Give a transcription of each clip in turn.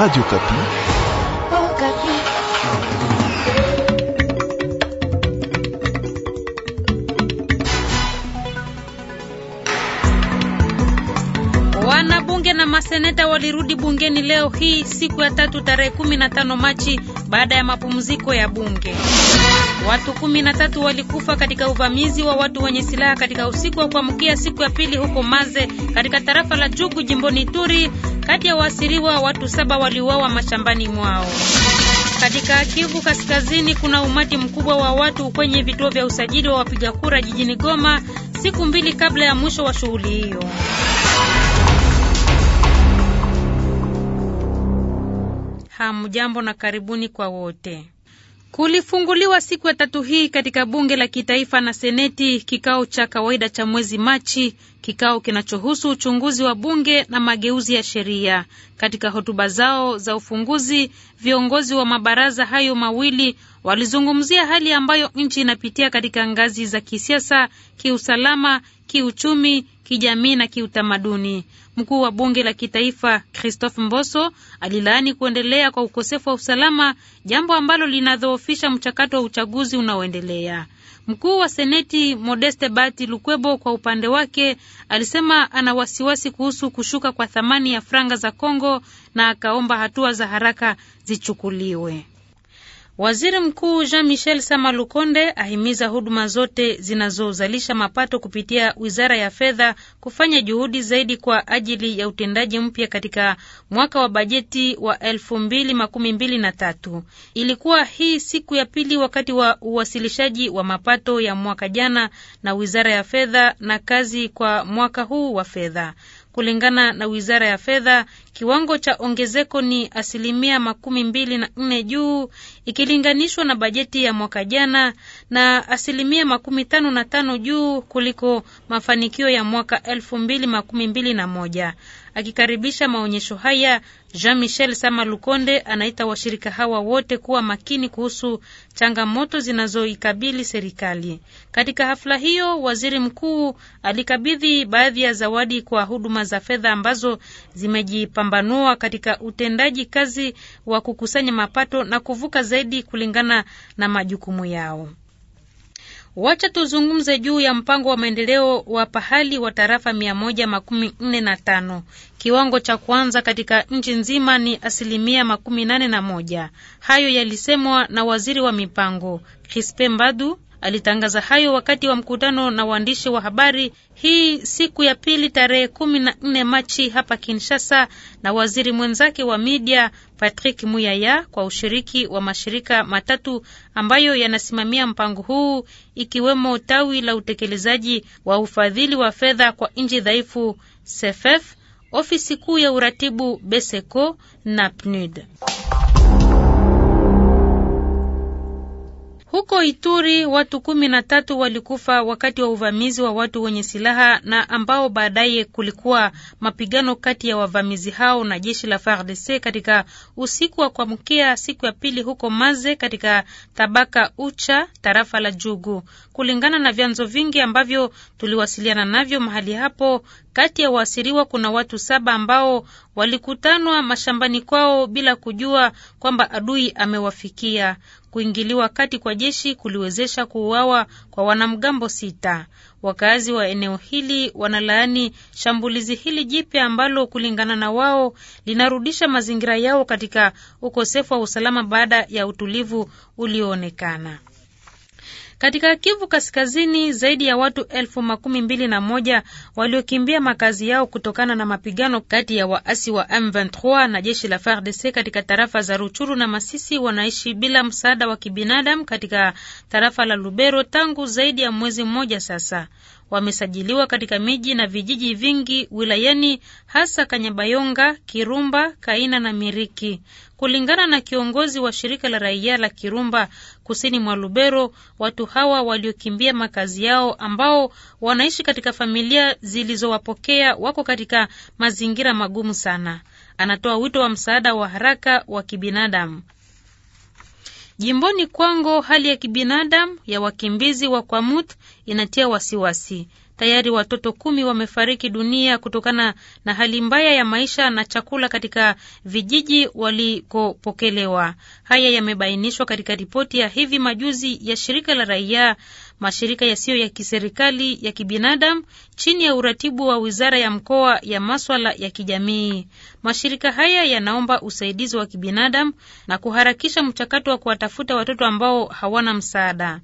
Radio Kapi. Oh, Kapi. Wanabunge na maseneta walirudi bungeni leo hii siku ya tatu tarehe 15 Machi baada ya mapumziko ya bunge. Watu 13 walikufa katika uvamizi wa watu wenye silaha katika usiku wa kuamkia siku ya pili huko Maze katika tarafa la Jugu jimboni Ituri kati ya waasiriwa watu saba waliuawa mashambani mwao. Katika Kivu Kaskazini kuna umati mkubwa wa watu kwenye vituo vya usajili wa wapiga kura jijini Goma siku mbili kabla ya mwisho wa shughuli hiyo. Hamjambo na karibuni kwa wote. Kulifunguliwa siku ya tatu hii katika bunge la kitaifa na seneti kikao cha kawaida cha mwezi Machi kikao kinachohusu uchunguzi wa bunge na mageuzi ya sheria. Katika hotuba zao za ufunguzi, viongozi wa mabaraza hayo mawili walizungumzia hali ambayo nchi inapitia katika ngazi za kisiasa, kiusalama, kiuchumi, kijamii na kiutamaduni. Mkuu wa bunge la kitaifa Christophe Mboso alilaani kuendelea kwa ukosefu wa usalama, jambo ambalo linadhoofisha mchakato wa uchaguzi unaoendelea. Mkuu wa Seneti Modeste Bati Lukwebo kwa upande wake alisema ana wasiwasi kuhusu kushuka kwa thamani ya franga za Kongo na akaomba hatua za haraka zichukuliwe. Waziri Mkuu Jean Michel Sama Lukonde ahimiza huduma zote zinazozalisha mapato kupitia wizara ya fedha kufanya juhudi zaidi kwa ajili ya utendaji mpya katika mwaka wa bajeti wa elfu mbili makumi mbili na tatu. Ilikuwa hii siku ya pili wakati wa uwasilishaji wa mapato ya mwaka jana na wizara ya fedha na kazi kwa mwaka huu wa fedha. Kulingana na wizara ya fedha, Kiwango cha ongezeko ni asilimia makumi mbili na nne juu ikilinganishwa na bajeti ya mwaka jana na asilimia makumi tano na tano juu kuliko mafanikio ya mwaka elfu mbili makumi mbili na moja. Akikaribisha maonyesho haya, Jean Michel Sama Lukonde anaita washirika hawa wote kuwa makini kuhusu changamoto zinazoikabili serikali. Katika hafla hiyo, waziri mkuu alikabidhi baadhi ya zawadi kwa huduma za fedha ambazo zimejipa kupambanua katika utendaji kazi wa kukusanya mapato na kuvuka zaidi kulingana na majukumu yao. Wacha tuzungumze juu ya mpango wa maendeleo wa pahali wa tarafa mia moja makumi nne na tano. Kiwango cha kwanza katika nchi nzima ni asilimia makumi nane na moja. Hayo yalisemwa na waziri wa mipango Crispe Mbadu Alitangaza hayo wakati wa mkutano na waandishi wa habari hii siku ya pili tarehe kumi na nne Machi hapa Kinshasa na waziri mwenzake wa media Patrick Muyaya kwa ushiriki wa mashirika matatu ambayo yanasimamia mpango huu ikiwemo tawi la utekelezaji wa ufadhili wa fedha kwa nchi dhaifu SEFEF, ofisi kuu ya uratibu BESECO na PNUD. Huko Ituri watu kumi na tatu walikufa wakati wa uvamizi wa watu wenye silaha na ambao baadaye kulikuwa mapigano kati ya wavamizi hao na jeshi la FARDC katika usiku wa kuamkia siku ya pili huko Maze katika tabaka Ucha tarafa la Jugu, kulingana na vyanzo vingi ambavyo tuliwasiliana navyo mahali hapo. Kati ya waasiriwa kuna watu saba ambao walikutanwa mashambani kwao bila kujua kwamba adui amewafikia kuingiliwa kati kwa jeshi kuliwezesha kuuawa kwa wanamgambo sita. Wakazi wa eneo hili wanalaani shambulizi hili jipya ambalo kulingana na wao linarudisha mazingira yao katika ukosefu wa usalama baada ya utulivu ulioonekana. Katika Kivu Kaskazini, zaidi ya watu elfu makumi mbili na moja waliokimbia makazi yao kutokana na mapigano kati ya waasi wa M23 na jeshi la FARDC katika tarafa za Ruchuru na Masisi wanaishi bila msaada wa kibinadamu katika tarafa la Lubero tangu zaidi ya mwezi mmoja sasa wamesajiliwa katika miji na vijiji vingi wilayani hasa Kanyabayonga, Kirumba, Kaina na Miriki. Kulingana na kiongozi wa shirika la raia la Kirumba kusini mwa Lubero, watu hawa waliokimbia makazi yao ambao wanaishi katika familia zilizowapokea wako katika mazingira magumu sana. Anatoa wito wa msaada wa haraka wa kibinadamu. Jimboni Kwango hali ya kibinadamu ya wakimbizi wa Kwamut inatia wasiwasi tayari watoto kumi wamefariki dunia kutokana na hali mbaya ya maisha na chakula katika vijiji walikopokelewa. Haya yamebainishwa katika ripoti ya hivi majuzi ya shirika la raia, mashirika yasiyo ya kiserikali ya kibinadamu chini ya uratibu wa wizara ya mkoa ya maswala ya kijamii. Mashirika haya yanaomba usaidizi wa kibinadamu na kuharakisha mchakato wa kuwatafuta watoto ambao hawana msaada.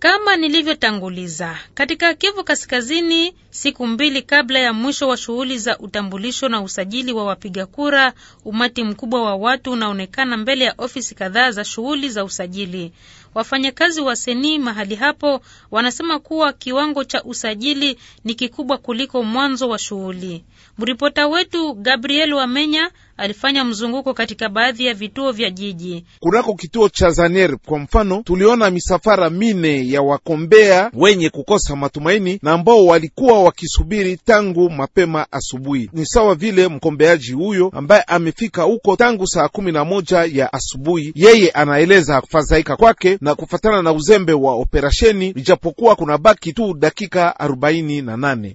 Kama nilivyotanguliza katika Kivu Kaskazini, siku mbili kabla ya mwisho wa shughuli za utambulisho na usajili wa wapiga kura, umati mkubwa wa watu unaonekana mbele ya ofisi kadhaa za shughuli za usajili. Wafanyakazi wa seni mahali hapo wanasema kuwa kiwango cha usajili ni kikubwa kuliko mwanzo wa shughuli. Mripota wetu Gabriel Wamenya alifanya mzunguko katika baadhi ya vituo vya jiji. Kunako kituo cha Zanier kwa mfano, tuliona misafara mine ya wakombea wenye kukosa matumaini na ambao walikuwa wakisubiri tangu mapema asubuhi. Ni sawa vile mkombeaji huyo ambaye amefika huko tangu saa kumi na moja ya asubuhi, yeye anaeleza kufadhaika kwake na kufatana na uzembe wa operasheni, ijapokuwa kuna baki tu dakika arobaini na nane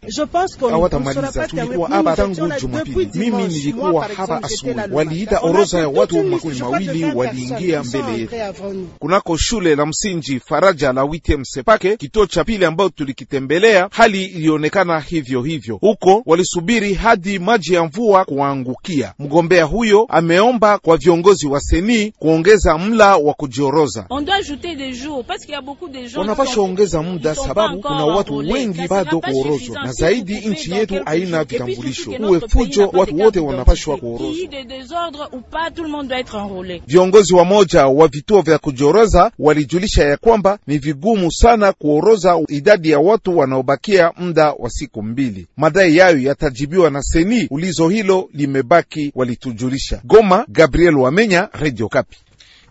hawatamaliza. Tulikuwa hapa tangu Jumapili, mimi nilikuwa hapa asubuhi. Waliita orodha ya watu makumi mawili waliingia mbele yetu kunako shule la msingi Faraja la Witem Sepake, kituo cha pili ambayo tulikitembelea. Hali ilionekana hivyo hivyo huko, walisubiri hadi maji ya mvua kuangukia. Mgombea huyo ameomba kwa viongozi wa seni kuongeza mla wa kujioroza ajouter des jours parce qu'il y a beaucoup de gens wanapasha ongeza muda, sababu kuna watu wengi bado kuorozwa, na zaidi nchi yetu haina vitambulisho. Uwe fujo, watu wote wanapashwa kuorozwa. Viongozi wa moja wa vituo vya kujioroza walijulisha ya kwamba ni vigumu sana kuoroza idadi ya watu wanaobakia muda wa siku mbili. Madai yayo yatajibiwa na seni, ulizo hilo limebaki, walitujulisha. Goma, Gabriel Wamenya, Radio Kapi.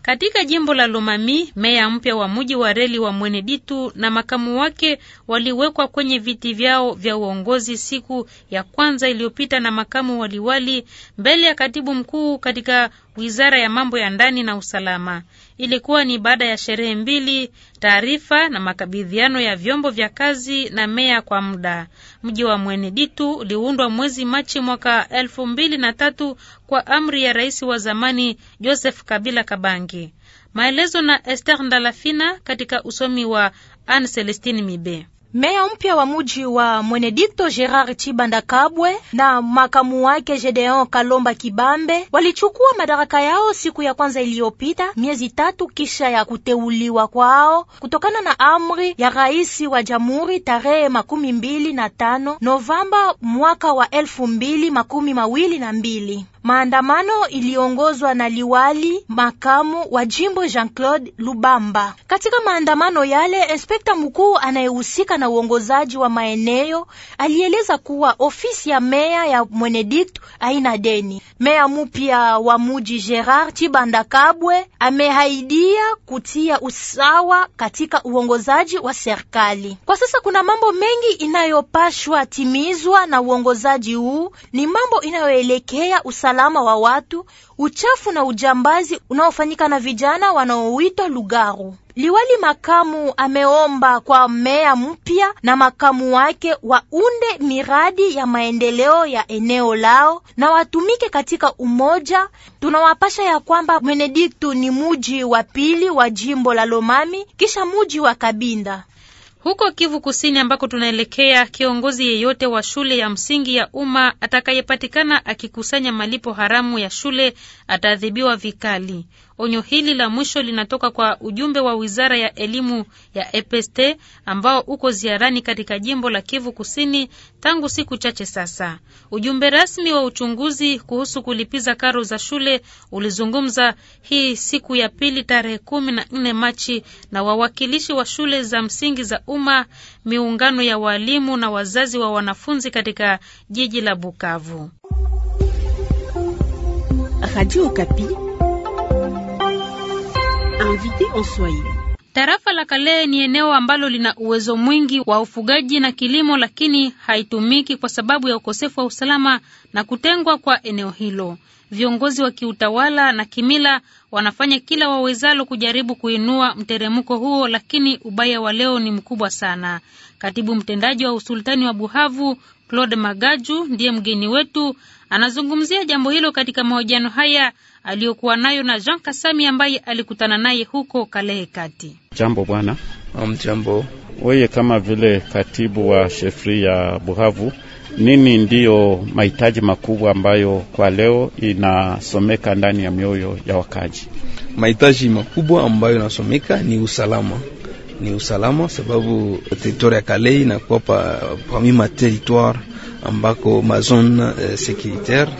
Katika jimbo la Lomami, meya mpya wa mji wa reli wa Mweneditu na makamu wake waliwekwa kwenye viti vyao vya uongozi siku ya kwanza iliyopita na makamu waliwali mbele ya katibu mkuu katika wizara ya mambo ya ndani na usalama. Ilikuwa ni baada ya sherehe mbili, taarifa na makabidhiano ya vyombo vya kazi na meya kwa muda. Mji wa Mweneditu uliundwa mwezi Machi mwaka elfu mbili na tatu kwa amri ya rais wa zamani Joseph Kabila kabangi Maelezo na Esther Ndalafina katika usomi wa Anne Celestine Mibe. Meya mpya wa muji wa Mwenedikto Gerard Chibanda Kabwe na makamu wake Gedeon Kalomba Kibambe walichukua madaraka yao siku ya kwanza iliyopita, miezi tatu kisha ya kuteuliwa kwao kutokana na amri ya rais wa jamhuri tarehe makumi mbili na tano Novemba mwaka wa elfu mbili makumi mawili na mbili. Maandamano iliongozwa na liwali makamu wa jimbo Jean Claude Lubamba. Katika maandamano yale, inspekta mkuu anayehusika na na uongozaji wa maeneo alieleza kuwa ofisi ya meya ya Mwenedikt haina deni. Meya mpya wa muji Gerard Chibanda Kabwe amehaidia kutia usawa katika uongozaji wa serikali. Kwa sasa kuna mambo mengi inayopashwa timizwa na uongozaji huu, ni mambo inayoelekea usalama wa watu uchafu na ujambazi unaofanyika na vijana wanaoitwa lugaru. Liwali makamu ameomba kwa meya mpya na makamu wake waunde miradi ya maendeleo ya eneo lao na watumike katika umoja. Tunawapasha ya kwamba benediktu ni muji wa pili wa jimbo la Lomami kisha muji wa Kabinda. Huko Kivu Kusini ambako tunaelekea, kiongozi yeyote wa shule ya msingi ya umma atakayepatikana akikusanya malipo haramu ya shule ataadhibiwa vikali. Onyo hili la mwisho linatoka kwa ujumbe wa wizara ya elimu ya EPST ambao uko ziarani katika jimbo la Kivu Kusini tangu siku chache sasa. Ujumbe rasmi wa uchunguzi kuhusu kulipiza karo za shule ulizungumza hii siku ya pili tarehe kumi na nne Machi na wawakilishi wa shule za msingi za umma, miungano ya waalimu na wazazi wa wanafunzi katika jiji la Bukavu. Radio Invité en Swahili. Tarafa la Kale ni eneo ambalo lina uwezo mwingi wa ufugaji na kilimo, lakini haitumiki kwa sababu ya ukosefu wa usalama na kutengwa kwa eneo hilo. Viongozi wa kiutawala na kimila wanafanya kila wawezalo kujaribu kuinua mteremko huo, lakini ubaya wa leo ni mkubwa sana. Katibu mtendaji wa usultani wa Buhavu Claude Magaju ndiye mgeni wetu, anazungumzia jambo hilo katika mahojiano haya aliyokuwa nayo na Jean Kasami ambaye alikutana naye huko Kalehe Kati. Jambo bwana. Amjambo. Weye kama vile katibu wa shefri ya Buhavu, nini ndiyo mahitaji makubwa ambayo kwa leo inasomeka ndani ya mioyo ya wakaji? Mahitaji makubwa ambayo inasomeka ni usalama ni usalama sababu territoire ya Kalei inakuwa pa, parmi ma territoire ambako mazone eh, securitaire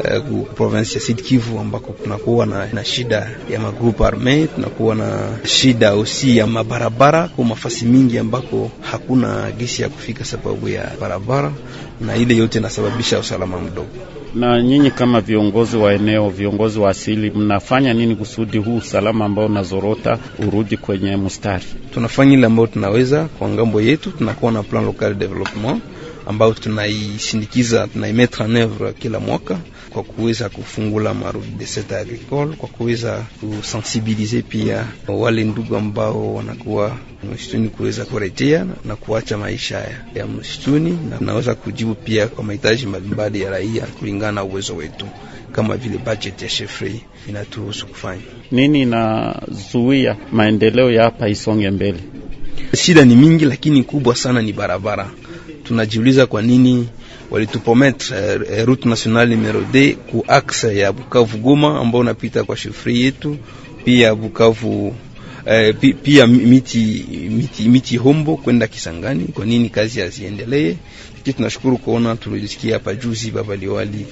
uh, province ya Sud Kivu ambako kunakuwa na, na shida ya magrupu arme, kunakuwa na shida usi ya mabarabara kwa mafasi mingi ambako hakuna gesi ya kufika sababu ya barabara, na ile yote inasababisha usalama mdogo. Na nyinyi kama viongozi wa eneo, viongozi wa asili, mnafanya nini kusudi huu usalama ambao unazorota urudi kwenye mstari? Tunafanya ile ambayo tunaweza kwa ngambo yetu, tunakuwa na plan local development ambayo tunaisindikiza tunaimetre en oeuvre kila mwaka kwa kuweza kufungula marudi de seta agricole, kwa kuweza kusensibilize pia wale ndugu ambao wanakuwa msituni kuweza kurejea na kuacha maisha ya msituni, na naweza kujibu pia kwa mahitaji mbalimbali ya raia kulingana na uwezo wetu kama vile budget ya shefri inaturuhusu kufanya nini. Inazuia maendeleo ya hapa isonge mbele. Shida ni mingi, lakini kubwa sana ni barabara. Tunajiuliza kwa nini walitupometre eh, eh, route nationale numero 2 ku axe ya Bukavu Goma ambao unapita kwa shifri yetu pia Bukavu eh, pia miti, miti, miti Hombo kwenda Kisangani. Kwa nini kazi haziendelee? Lakini tunashukuru kuona tulisikia hapa juzi baba liwali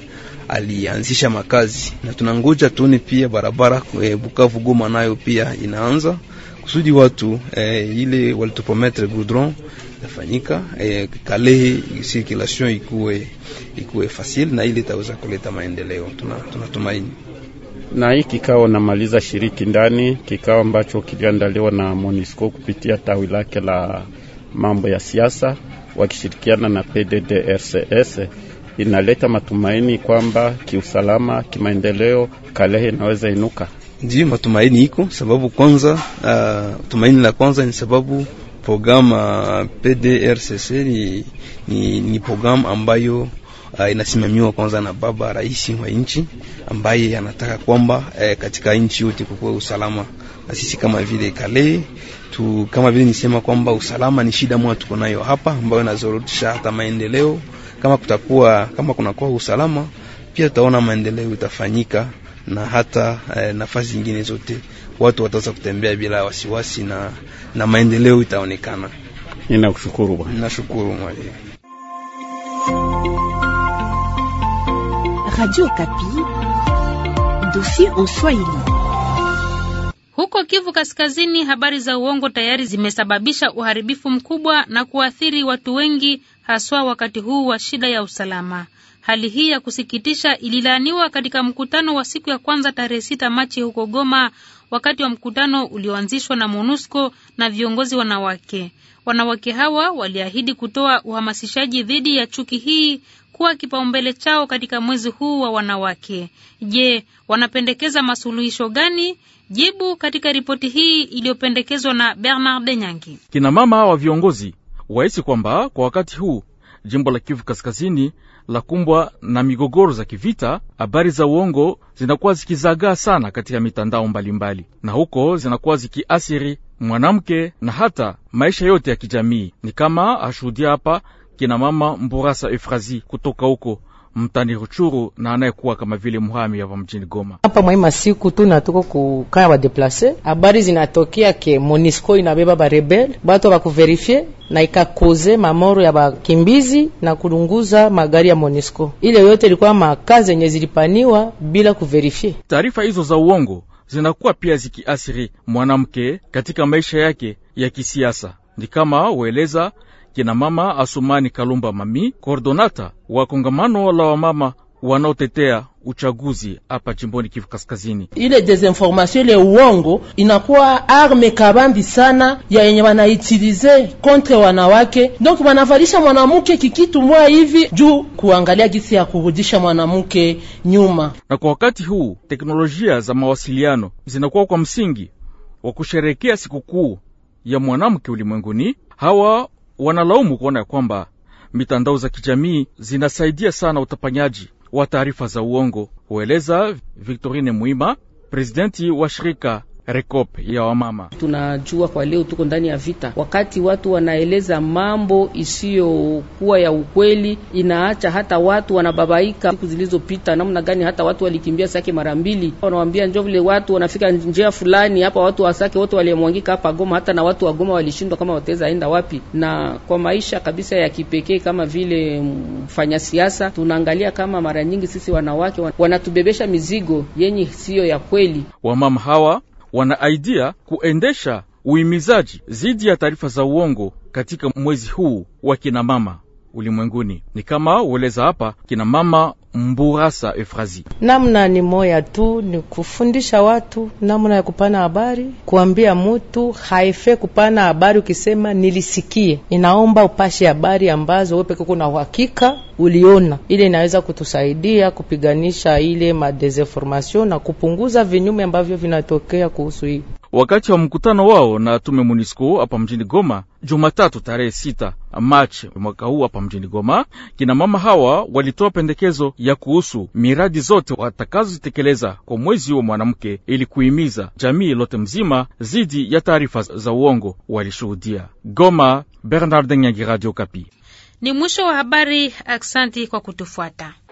alianzisha makazi na tunangoja tuone pia barabara eh, Bukavu Goma nayo pia inaanza kusudi watu eh, ile walitupometre goudron itafanyika e, kalehi circulation ikuwe ikuwe fasili na ili itaweza kuleta maendeleo, tunatumaini tuna na hii kikao namaliza shiriki ndani kikao ambacho kiliandaliwa na Monisco kupitia tawi lake la mambo ya siasa wakishirikiana na PDDRCS inaleta matumaini kwamba kiusalama, kimaendeleo Kalehe inaweza inuka. Ndio matumaini iko sababu, kwanza uh, tumaini la kwanza ni sababu Programu euh, PDRCC ni, ni, ni programu ambayo Uh, inasimamiwa kwanza na baba rais wa nchi ambaye anataka kwamba uh, katika nchi yote kukuwe usalama, na sisi kama vile kale tu, kama vile nisema kwamba usalama ni shida moja tuko nayo hapa ambayo inazorotisha hata maendeleo. Kama kutakuwa kama kunakuwa usalama, pia tutaona maendeleo itafanyika na hata eh, nafasi zingine zote watu wataweza kutembea bila wasiwasi na, na maendeleo itaonekana. Ninakushukuru bwana. Ninashukuru mwalimu. Radio Kapi, dossier en Swahili. Kivu Kaskazini, habari za uongo tayari zimesababisha uharibifu mkubwa na kuathiri watu wengi, haswa wakati huu wa shida ya usalama. Hali hii ya kusikitisha ililaaniwa katika mkutano wa siku ya kwanza tarehe sita Machi huko Goma, wakati wa mkutano ulioanzishwa na MONUSCO na viongozi wanawake. Wanawake hawa waliahidi kutoa uhamasishaji dhidi ya chuki hii kuwa kipaumbele chao katika mwezi huu wa wanawake. Je, wanapendekeza masuluhisho gani? Jibu katika ripoti hii iliyopendekezwa na Bernard Nyangi. Kina mama wa viongozi wahisi kwamba kwa wakati huu jimbo la Kivu Kaskazini la kumbwa na migogoro za kivita. Habari za uongo zinakuwa zikizagaa sana katika mitandao mbalimbali mbali, na huko zinakuwa zikiasiri mwanamke na hata maisha yote ya kijamii, ni kama ashuhudia hapa kina mama Mburasa Efrazi kutoka huko mtani Ruchuru na anayekuwa kama vile muhami hapa mjini Goma. Hapa mwaima siku tu natuko kukaya wadeplase, habari zinatokea ke Monisco inabeba barebel bato bakuverifie na ikakoze mamoro ya bakimbizi na kulunguza magari ya Monisco. Ile yote ilikuwa makazi yenye zilipaniwa bila kuverifie. Taarifa hizo za uongo zinakuwa pia zikiasiri mwanamke katika maisha yake ya kisiasa, ni kama weleza kina mama Asumani Kalumba Mami, kordonata wa kongamano la wamama wanaotetea uchaguzi hapa jimboni Kivu Kaskazini. Ile desinformation ile uongo inakuwa arme kabambi sana ya yenye wanaitilize kontre wanawake, donc wanavalisha mwanamke kikitu mwa hivi juu kuangalia gisi ya kurudisha mwanamke nyuma. Na kwa wakati huu teknolojia za mawasiliano zinakuwa kwa msingi wa kusherekea sikukuu ya mwanamke ulimwenguni. Hawa wanalaumu kuona ya kwamba mitandao za kijamii zinasaidia sana utapanyaji wa taarifa za uongo, hueleza Victorine Muima, presidenti wa shirika rekop ya wamama. Tunajua kwa leo tuko ndani ya vita, wakati watu wanaeleza mambo isiyokuwa ya ukweli, inaacha hata watu wanababaika. Siku zilizopita namna gani hata watu walikimbia Sake mara mbili, wanawambia njo vile watu wanafika njia fulani hapa, watu wa Sake wote waliemwangika hapa Goma, hata na watu wa Goma walishindwa kama wataweza enda wapi. Na kwa maisha kabisa ya kipekee kama vile mfanyasiasa, tunaangalia kama mara nyingi sisi wanawake wanatubebesha mizigo yenye siyo ya kweli. Wamama hawa wanaaidia kuendesha uimizaji zidi ya taarifa za uongo katika mwezi huu wa kinamama ulimwenguni. Ni kama ueleza hapa, kinamama Mburasa Efrazi. Namna ni moya tu, ni kufundisha watu namna ya kupana habari, kuambia mutu haife kupana habari. Ukisema nilisikie, inaomba upashe habari ambazo wewe pekee kuna uhakika uliona. Ile inaweza kutusaidia kupiganisha ile madesinformation na kupunguza vinyume ambavyo vinatokea kuhusu hii wakati wa mkutano wao na tume MONUSCO hapa mjini Goma Jumatatu tarehe sita Machi mwaka huu hapa mjini Goma, kina mama hawa walitoa pendekezo ya kuhusu miradi zote watakazozitekeleza kwa mwezi wa mwanamke ili kuhimiza jamii lote mzima dhidi ya taarifa za uongo walishuhudia. Goma, Bernard Nyangi, Radio Kapi. Ni mwisho wa habari. Aksanti kwa kutufuata.